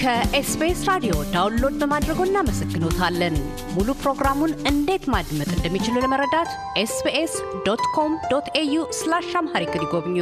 ከኤስቢኤስ ራዲዮ ዳውንሎድ በማድረጎ እናመሰግኖታለን። ሙሉ ፕሮግራሙን እንዴት ማድመጥ እንደሚችሉ ለመረዳት ኤስቢኤስ ዶት ኮም ዶት ኤዩ ስላሽ አምሃሪክ ይጎብኙ።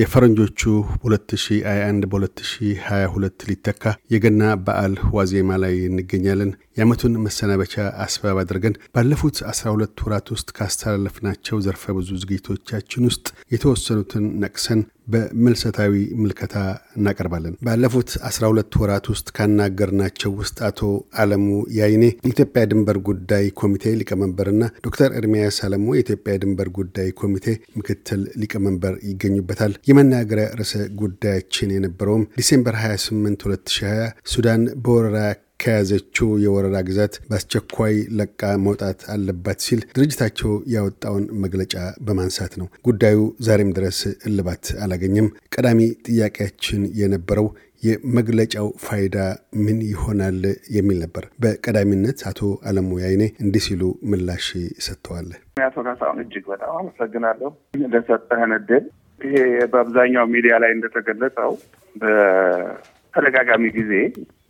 የፈረንጆቹ 2021 በ2022 ሊተካ የገና በዓል ዋዜማ ላይ እንገኛለን። የዓመቱን መሰናበቻ አስባብ አድርገን ባለፉት 12 ወራት ውስጥ ካስተላለፍናቸው ዘርፈ ብዙ ዝግጅቶቻችን ውስጥ የተወሰኑትን ነቅሰን በምልሰታዊ ምልከታ እናቀርባለን። ባለፉት 12 ወራት ውስጥ ካናገርናቸው ውስጥ አቶ አለሙ ያይኔ የኢትዮጵያ ድንበር ጉዳይ ኮሚቴ ሊቀመንበርና ዶክተር ኤርሚያስ አለሙ የኢትዮጵያ ድንበር ጉዳይ ኮሚቴ ምክትል ሊቀመንበር ይገኙበታል። የመናገሪያ ርዕሰ ጉዳያችን የነበረውም ዲሴምበር 28 2020 ሱዳን በወረራ ከያዘችው የወረራ ግዛት በአስቸኳይ ለቃ መውጣት አለባት ሲል ድርጅታቸው ያወጣውን መግለጫ በማንሳት ነው። ጉዳዩ ዛሬም ድረስ እልባት አላገኘም። ቀዳሚ ጥያቄያችን የነበረው የመግለጫው ፋይዳ ምን ይሆናል የሚል ነበር። በቀዳሚነት አቶ አለሙ ያይኔ እንዲህ ሲሉ ምላሽ ሰጥተዋል። አቶ ካሳሁን እጅግ በጣም አመሰግናለሁ ለሰጠህን እድል። ይሄ በአብዛኛው ሚዲያ ላይ እንደተገለጸው በተደጋጋሚ ጊዜ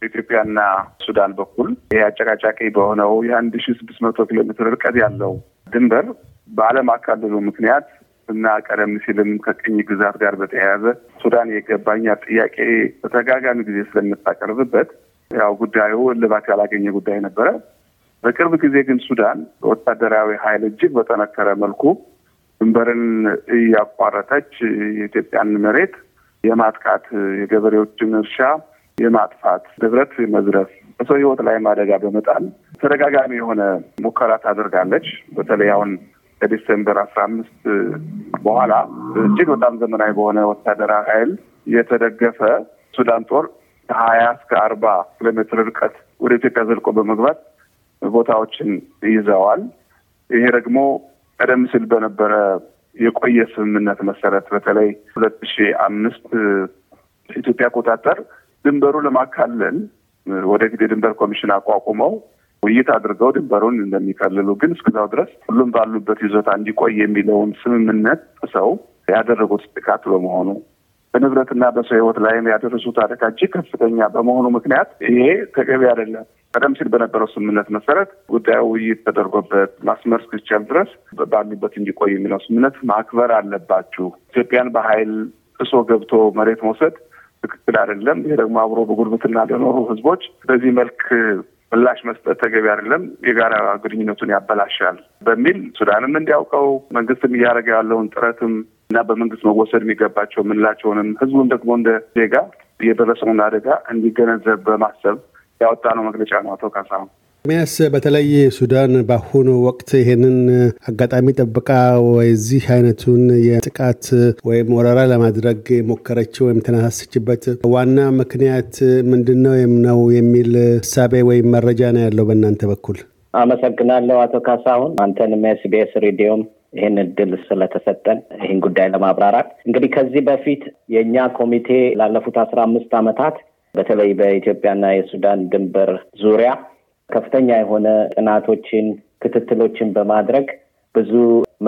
በኢትዮጵያና ሱዳን በኩል ይህ አጨቃጫቂ በሆነው የአንድ ሺ ስድስት መቶ ኪሎ ሜትር ርቀት ያለው ድንበር በአለም አካልሉ ምክንያት እና ቀደም ሲልም ከቅኝ ግዛት ጋር በተያያዘ ሱዳን የገባኛ ጥያቄ በተጋጋሚ ጊዜ ስለምታቀርብበት ያው ጉዳዩ እልባት ያላገኘ ጉዳይ ነበረ። በቅርብ ጊዜ ግን ሱዳን በወታደራዊ ኃይል እጅግ በጠነከረ መልኩ ድንበርን እያቋረጠች የኢትዮጵያን መሬት የማጥቃት የገበሬዎችን እርሻ የማጥፋት ንብረት መዝረፍ፣ በሰው ህይወት ላይ አደጋ በመጣል ተደጋጋሚ የሆነ ሙከራ ታደርጋለች። በተለይ አሁን ከዲሴምበር አስራ አምስት በኋላ እጅግ በጣም ዘመናዊ በሆነ ወታደራዊ ኃይል የተደገፈ ሱዳን ጦር ከሀያ እስከ አርባ ኪሎ ሜትር ርቀት ወደ ኢትዮጵያ ዘልቆ በመግባት ቦታዎችን ይዘዋል። ይሄ ደግሞ ቀደም ሲል በነበረ የቆየ ስምምነት መሰረት በተለይ ሁለት ሺ አምስት ኢትዮጵያ አቆጣጠር ድንበሩ ለማካለል ወደፊት የድንበር ኮሚሽን አቋቁመው ውይይት አድርገው ድንበሩን እንደሚከልሉ ግን እስከዛው ድረስ ሁሉም ባሉበት ይዞታ እንዲቆይ የሚለውን ስምምነት ጥሰው ያደረጉት ጥቃት በመሆኑ በንብረትና በሰው ሕይወት ላይም ያደረሱት አደጋ እጅግ ከፍተኛ በመሆኑ ምክንያት ይሄ ተገቢ አይደለም። ቀደም ሲል በነበረው ስምምነት መሰረት ጉዳዩ ውይይት ተደርጎበት ማስመር እስኪቻል ድረስ ባሉበት እንዲቆይ የሚለው ስምምነት ማክበር አለባችሁ። ኢትዮጵያን በኃይል እሶ ገብቶ መሬት መውሰድ ትክክል አይደለም። ይሄ ደግሞ አብሮ በጉርብትና ለኖሩ ህዝቦች በዚህ መልክ ምላሽ መስጠት ተገቢ አይደለም፣ የጋራ ግንኙነቱን ያበላሻል በሚል ሱዳንም እንዲያውቀው መንግስትም እያደረገ ያለውን ጥረትም እና በመንግስት መወሰድ የሚገባቸው የምንላቸውንም ህዝቡን ደግሞ እንደ ዜጋ የደረሰውን አደጋ እንዲገነዘብ በማሰብ ያወጣነው መግለጫ ነው አቶ ካሳሁን። ሚያስ በተለይ ሱዳን በአሁኑ ወቅት ይሄንን አጋጣሚ ጠብቃ ወይዚህ አይነቱን የጥቃት ወይም ወረራ ለማድረግ የሞከረችው ወይም ተነሳሰችበት ዋና ምክንያት ምንድን ነው ነው የሚል እሳቤ ወይም መረጃ ነው ያለው በእናንተ በኩል? አመሰግናለሁ አቶ ካሳሁን አንተንም ኤስቢኤስ ሬዲዮም ይህን እድል ስለተሰጠን ይህን ጉዳይ ለማብራራት እንግዲህ ከዚህ በፊት የእኛ ኮሚቴ ላለፉት አስራ አምስት ዓመታት በተለይ በኢትዮጵያና የሱዳን ድንበር ዙሪያ ከፍተኛ የሆነ ጥናቶችን፣ ክትትሎችን በማድረግ ብዙ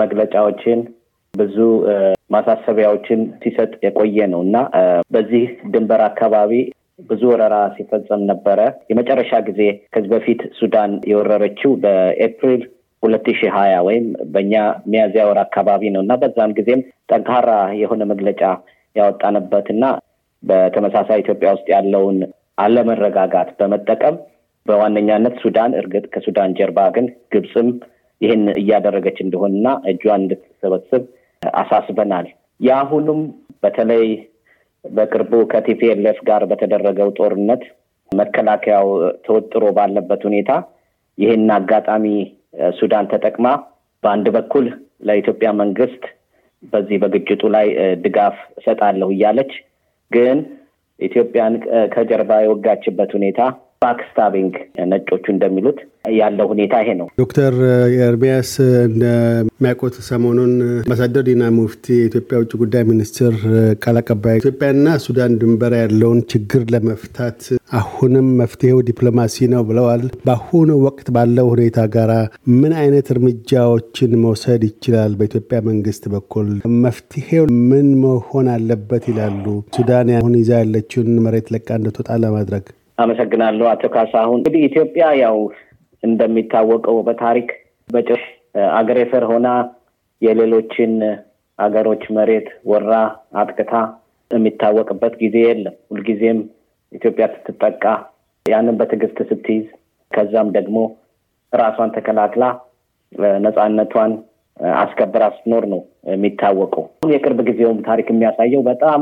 መግለጫዎችን፣ ብዙ ማሳሰቢያዎችን ሲሰጥ የቆየ ነው እና በዚህ ድንበር አካባቢ ብዙ ወረራ ሲፈጸም ነበረ። የመጨረሻ ጊዜ ከዚህ በፊት ሱዳን የወረረችው በኤፕሪል ሁለት ሺህ ሀያ ወይም በእኛ ሚያዝያ ወር አካባቢ ነው እና በዛን ጊዜም ጠንካራ የሆነ መግለጫ ያወጣንበት እና በተመሳሳይ ኢትዮጵያ ውስጥ ያለውን አለመረጋጋት በመጠቀም በዋነኛነት ሱዳን እርግጥ ከሱዳን ጀርባ ግን ግብፅም ይህን እያደረገች እንደሆንና እጇን እንድትሰበስብ አሳስበናል። የአሁኑም በተለይ በቅርቡ ከቲፒኤልኤፍ ጋር በተደረገው ጦርነት መከላከያው ተወጥሮ ባለበት ሁኔታ ይህን አጋጣሚ ሱዳን ተጠቅማ በአንድ በኩል ለኢትዮጵያ መንግስት በዚህ በግጭቱ ላይ ድጋፍ እሰጣለሁ እያለች ግን ኢትዮጵያን ከጀርባ የወጋችበት ሁኔታ ባክስታቢንግ ነጮቹ እንደሚሉት ያለው ሁኔታ ይሄ ነው። ዶክተር ኤርሚያስ እንደሚያውቁት ሰሞኑን አምባሳደር ዲና ሙፍቲ የኢትዮጵያ ውጭ ጉዳይ ሚኒስትር ቃል አቀባይ ኢትዮጵያና ሱዳን ድንበር ያለውን ችግር ለመፍታት አሁንም መፍትሄው ዲፕሎማሲ ነው ብለዋል። በአሁኑ ወቅት ባለው ሁኔታ ጋር ምን አይነት እርምጃዎችን መውሰድ ይችላል? በኢትዮጵያ መንግስት በኩል መፍትሄው ምን መሆን አለበት ይላሉ? ሱዳን አሁን ይዛ ያለችውን መሬት ለቃ እንድትወጣ ለማድረግ አመሰግናለሁ አቶ ካሳሁን። እንግዲህ ኢትዮጵያ ያው እንደሚታወቀው በታሪክ በጭር አገሬ ሆና የሌሎችን አገሮች መሬት ወራ አጥቅታ የሚታወቅበት ጊዜ የለም። ሁልጊዜም ኢትዮጵያ ስትጠቃ ያንን በትዕግስት ስትይዝ ከዛም ደግሞ ራሷን ተከላክላ ነፃነቷን አስከብራ ስትኖር ነው የሚታወቀው። የቅርብ ጊዜውም ታሪክ የሚያሳየው በጣም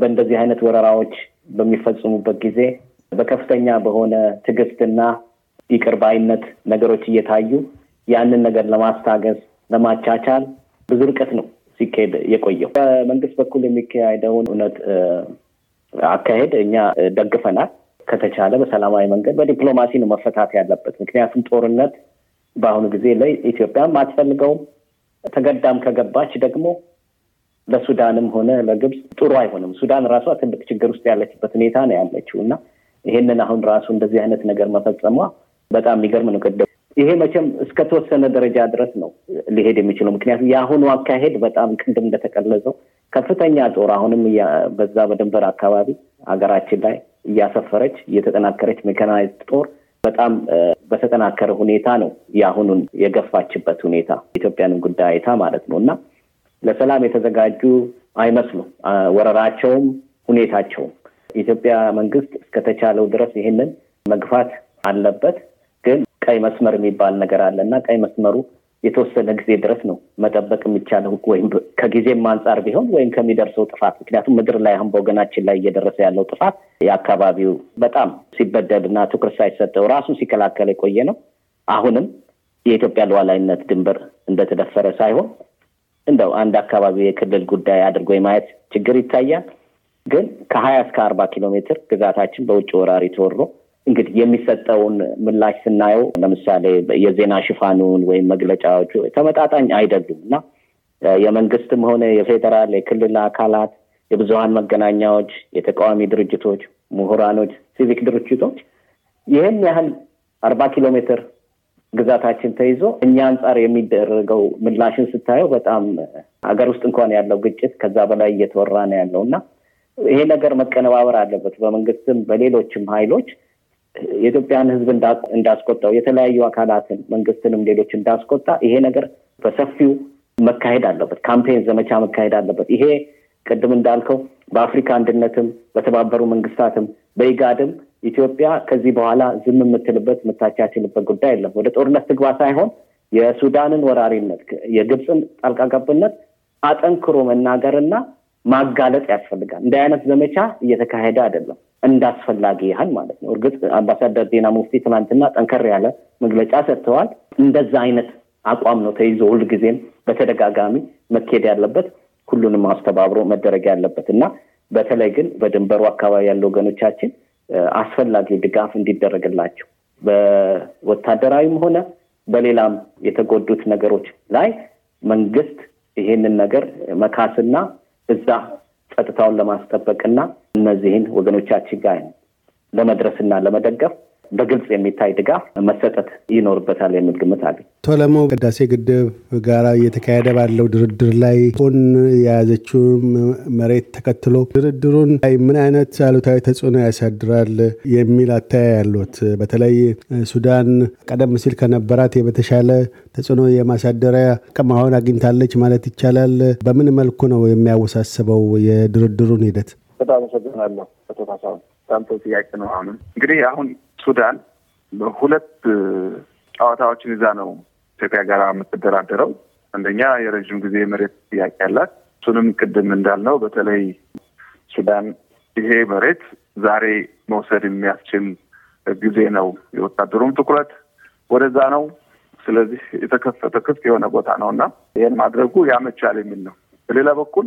በእንደዚህ አይነት ወረራዎች በሚፈጽሙበት ጊዜ በከፍተኛ በሆነ ትዕግስትና ይቅርባይነት ነገሮች እየታዩ ያንን ነገር ለማስታገስ ለማቻቻል ብዙ ርቀት ነው ሲካሄድ የቆየው። በመንግስት በኩል የሚካሄደውን እውነት አካሄድ እኛ ደግፈናል። ከተቻለ በሰላማዊ መንገድ በዲፕሎማሲ ነው መፈታት ያለበት። ምክንያቱም ጦርነት በአሁኑ ጊዜ ላይ ኢትዮጵያም አትፈልገውም። ተገዳም ከገባች ደግሞ ለሱዳንም ሆነ ለግብፅ ጥሩ አይሆንም። ሱዳን ራሷ ትልቅ ችግር ውስጥ ያለችበት ሁኔታ ነው ያለችው እና ይሄንን አሁን ራሱ እንደዚህ አይነት ነገር መፈጸሟ በጣም የሚገርም ነው። ቅድም ይሄ መቼም እስከተወሰነ ደረጃ ድረስ ነው ሊሄድ የሚችለው። ምክንያቱም የአሁኑ አካሄድ በጣም ቅድም እንደተቀለጸው ከፍተኛ ጦር አሁንም በዛ በድንበር አካባቢ ሀገራችን ላይ እያሰፈረች እየተጠናከረች ሜካናይዝ ጦር በጣም በተጠናከረ ሁኔታ ነው የአሁኑን የገፋችበት ሁኔታ ኢትዮጵያንም ጉዳይ አይታ ማለት ነው እና ለሰላም የተዘጋጁ አይመስሉም ወረራቸውም ሁኔታቸውም የኢትዮጵያ መንግስት እስከተቻለው ድረስ ይህንን መግፋት አለበት። ግን ቀይ መስመር የሚባል ነገር አለ እና ቀይ መስመሩ የተወሰነ ጊዜ ድረስ ነው መጠበቅ የሚቻለው ወይም ከጊዜም አንጻር ቢሆን ወይም ከሚደርሰው ጥፋት ምክንያቱም ምድር ላይ አሁን በወገናችን ላይ እየደረሰ ያለው ጥፋት የአካባቢው በጣም ሲበደል እና ትኩረት ሳይሰጠው ራሱ ሲከላከል የቆየ ነው። አሁንም የኢትዮጵያ ሉዓላዊነት ድንበር እንደተደፈረ ሳይሆን እንደው አንድ አካባቢ የክልል ጉዳይ አድርጎ የማየት ችግር ይታያል። ግን ከሀያ እስከ አርባ ኪሎ ሜትር ግዛታችን በውጭ ወራሪ ተወሮ እንግዲህ የሚሰጠውን ምላሽ ስናየው ለምሳሌ የዜና ሽፋኑን ወይም መግለጫዎቹ ተመጣጣኝ አይደሉም እና የመንግስትም ሆነ የፌዴራል የክልል አካላት፣ የብዙሀን መገናኛዎች፣ የተቃዋሚ ድርጅቶች፣ ምሁራኖች፣ ሲቪክ ድርጅቶች ይህን ያህል አርባ ኪሎ ሜትር ግዛታችን ተይዞ እኛ አንጻር የሚደረገው ምላሽን ስታየው በጣም ሀገር ውስጥ እንኳን ያለው ግጭት ከዛ በላይ እየተወራ ነው ያለው እና ይሄ ነገር መቀነባበር አለበት። በመንግስትም በሌሎችም ኃይሎች የኢትዮጵያን ሕዝብ እንዳስቆጣው የተለያዩ አካላትን መንግስትንም ሌሎች እንዳስቆጣ ይሄ ነገር በሰፊው መካሄድ አለበት። ካምፔን ዘመቻ መካሄድ አለበት። ይሄ ቅድም እንዳልከው በአፍሪካ አንድነትም፣ በተባበሩ መንግስታትም፣ በኢጋድም ኢትዮጵያ ከዚህ በኋላ ዝም የምትልበት የምታቻችልበት ጉዳይ የለም። ወደ ጦርነት ትግባ ሳይሆን የሱዳንን ወራሪነት፣ የግብፅን ጣልቃ ገብነት አጠንክሮ መናገርና ማጋለጥ ያስፈልጋል። እንዲህ አይነት ዘመቻ እየተካሄደ አይደለም፣ እንዳስፈላጊ ያህል ማለት ነው። እርግጥ አምባሳደር ዲና ሙፍቲ ትናንትና ጠንከር ያለ መግለጫ ሰጥተዋል። እንደዛ አይነት አቋም ነው ተይዞ ሁልጊዜም በተደጋጋሚ መኬድ ያለበት ሁሉንም አስተባብሮ መደረግ ያለበት እና በተለይ ግን በድንበሩ አካባቢ ያለ ወገኖቻችን አስፈላጊ ድጋፍ እንዲደረግላቸው በወታደራዊም ሆነ በሌላም የተጎዱት ነገሮች ላይ መንግስት ይሄንን ነገር መካስና እዛ ጸጥታውን ለማስጠበቅና እነዚህን ወገኖቻችን ጋር ለመድረስና ለመደገፍ በግልጽ የሚታይ ድጋፍ መሰጠት ይኖርበታል የሚል ግምት አለ። ቶለሞ ህዳሴ ግድብ ጋራ እየተካሄደ ባለው ድርድር ላይ ሆን የያዘችውን መሬት ተከትሎ ድርድሩን ላይ ምን አይነት አሉታዊ ተጽዕኖ ያሳድራል የሚል አታያ ያሉት፣ በተለይ ሱዳን ቀደም ሲል ከነበራት በተሻለ ተጽዕኖ የማሳደሪያ አቅም አሁን አግኝታለች ማለት ይቻላል። በምን መልኩ ነው የሚያወሳስበው የድርድሩን ሂደት? በጣም አመሰግናለሁ። በጣም ጥሩ ጥያቄ ነው። አሁንም እንግዲህ አሁን ሱዳን በሁለት ጨዋታዎችን ይዛ ነው ኢትዮጵያ ጋር የምትደራደረው። አንደኛ የረዥም ጊዜ መሬት ጥያቄ አላት። እሱንም ቅድም እንዳልነው በተለይ ሱዳን ይሄ መሬት ዛሬ መውሰድ የሚያስችል ጊዜ ነው። የወታደሩም ትኩረት ወደዛ ነው። ስለዚህ የተከፈተ ክፍት የሆነ ቦታ ነው እና ይህን ማድረጉ ያመቻል የሚል ነው። በሌላ በኩል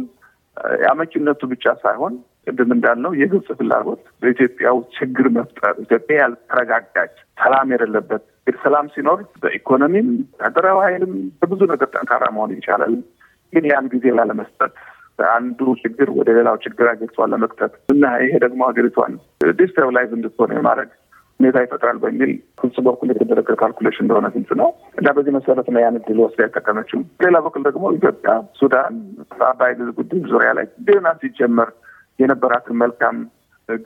የአመችነቱ ብቻ ሳይሆን ቅድም እንዳልነው የግብጽ ፍላጎት በኢትዮጵያው ችግር መፍጠር፣ ኢትዮጵያ ያልተረጋጋች ሰላም የሌለበት ሰላም ሲኖር በኢኮኖሚም ሀገራዊ ኃይልም በብዙ ነገር ጠንካራ መሆን ይቻላል። ግን ያን ጊዜ ላለመስጠት አንዱ ችግር ወደ ሌላው ችግር ሀገሪቷን ለመክተት እና ይሄ ደግሞ ሀገሪቷን ዲስተብላይዝ እንድትሆን የማድረግ ሁኔታ ይፈጥራል በሚል ግብጽ በኩል የተደረገ ካልኩሌሽን እንደሆነ ግልጽ ነው እና በዚህ መሰረት ነው ያን ድል ወስዳ የተጠቀመችው። ሌላ በኩል ደግሞ ኢትዮጵያ፣ ሱዳን በአባይ ጉዳይ ዙሪያ ላይ ገና ሲጀመር የነበራትን መልካም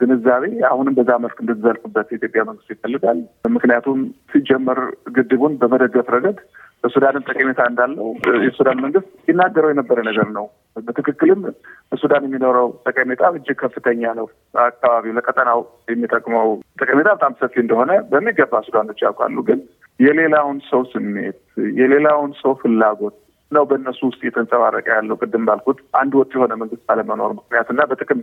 ግንዛቤ አሁንም በዛ መልክ እንድትዘልቅበት የኢትዮጵያ መንግስት ይፈልጋል። ምክንያቱም ሲጀመር ግድቡን በመደገፍ ረገድ በሱዳንም ጠቀሜታ እንዳለው የሱዳን መንግስት ይናገረው የነበረ ነገር ነው። በትክክልም በሱዳን የሚኖረው ጠቀሜታ እጅግ ከፍተኛ ነው። አካባቢው ለቀጠናው የሚጠቅመው ጠቀሜታ በጣም ሰፊ እንደሆነ በሚገባ ሱዳኖች ያውቃሉ። ግን የሌላውን ሰው ስሜት፣ የሌላውን ሰው ፍላጎት ነው በእነሱ ውስጥ እየተንጸባረቀ ያለው ቅድም ባልኩት አንድ ወጥ የሆነ መንግስት አለመኖር ምክንያት እና በጥቅም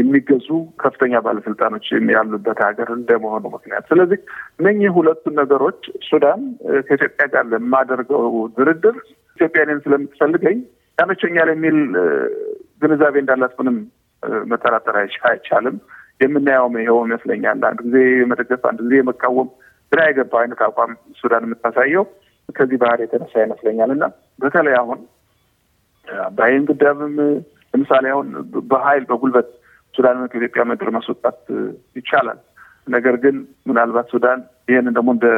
የሚገዙ ከፍተኛ ባለስልጣኖች ያሉበት ሀገር እንደመሆኑ ምክንያት። ስለዚህ እነኚህ ሁለቱን ነገሮች ሱዳን ከኢትዮጵያ ጋር ለማደርገው ድርድር ኢትዮጵያ እኔን ስለምትፈልገኝ ያመቸኛል የሚል ግንዛቤ እንዳላት ምንም መጠራጠር አይቻልም። የምናየውም ይኸው ይመስለኛል። አንድ ጊዜ የመደገፍ አንድ ጊዜ የመቃወም ግራ የገባ አይነት አቋም ሱዳን የምታሳየው ከዚህ ባህር የተነሳ ይመስለኛል እና በተለይ አሁን አባይን ግዳብም ለምሳሌ አሁን በኃይል በጉልበት ሱዳንን ከኢትዮጵያ ምድር ማስወጣት ይቻላል። ነገር ግን ምናልባት ሱዳን ይህንን ደግሞ እንደ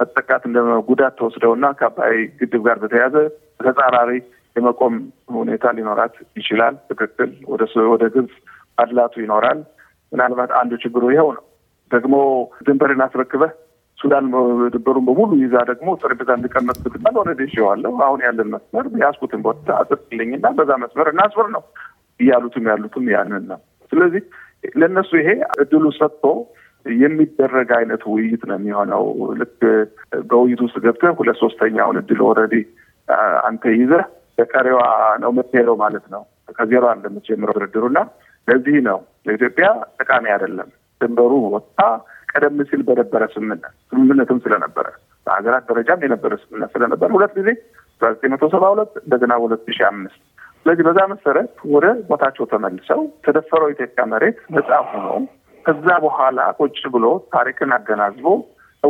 መጠቃት እንደ ጉዳት ተወስደውና ከአባይ ግድብ ጋር በተያያዘ በተጻራሪ የመቆም ሁኔታ ሊኖራት ይችላል። ትክክል ወደ ወደ አድላቱ ይኖራል። ምናልባት አንዱ ችግሩ ይኸው ነው። ደግሞ ድንበርን አስረክበህ ሱዳን ድንበሩን በሙሉ ይዛ ደግሞ ጠረጴዛ እንድቀመጥ ብትባል ወረደ ይሸዋለሁ። አሁን ያለን መስመር ያስኩትን ቦታ አጥርልኝና በዛ መስመር እናስበር ነው እያሉትም ያሉትም ያንን ነው። ስለዚህ ለእነሱ ይሄ እድሉ ሰጥቶ የሚደረግ አይነት ውይይት ነው የሚሆነው። ልክ በውይይት ውስጥ ገብተህ ሁለት ሶስተኛውን እድል ኦልሬዲ አንተ ይዘህ በቀሪዋ ነው የምትሄደው ማለት ነው። ከዜሮ አንድ የምትጀምረው ድርድሩና ለዚህ ነው ለኢትዮጵያ ጠቃሚ አይደለም ድንበሩ ወጣ ቀደም ሲል በነበረ ስምምነት ስምምነትም ስለነበረ በሀገራት ደረጃም የነበረ ስምምነት ስለነበረ ሁለት ጊዜ በዘጠኝ መቶ ሰባ ሁለት እንደገና ሁለት ሺ አምስት ስለዚህ በዛ መሰረት ወደ ቦታቸው ተመልሰው ተደፈረው ኢትዮጵያ መሬት ነጻ ሆኖ ከዛ በኋላ ቁጭ ብሎ ታሪክን አገናዝቦ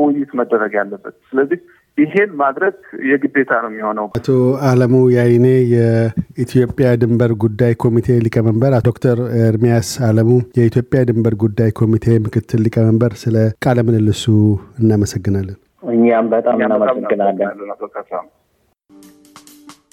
ውይይት መደረግ ያለበት ስለዚህ ይሄን ማድረግ የግዴታ ነው የሚሆነው። አቶ አለሙ ያይኔ የኢትዮጵያ ድንበር ጉዳይ ኮሚቴ ሊቀመንበር፣ ዶክተር ኤርሚያስ አለሙ የኢትዮጵያ ድንበር ጉዳይ ኮሚቴ ምክትል ሊቀመንበር፣ ስለ ቃለ ምልልሱ እናመሰግናለን። እኛም በጣም እናመሰግናለን።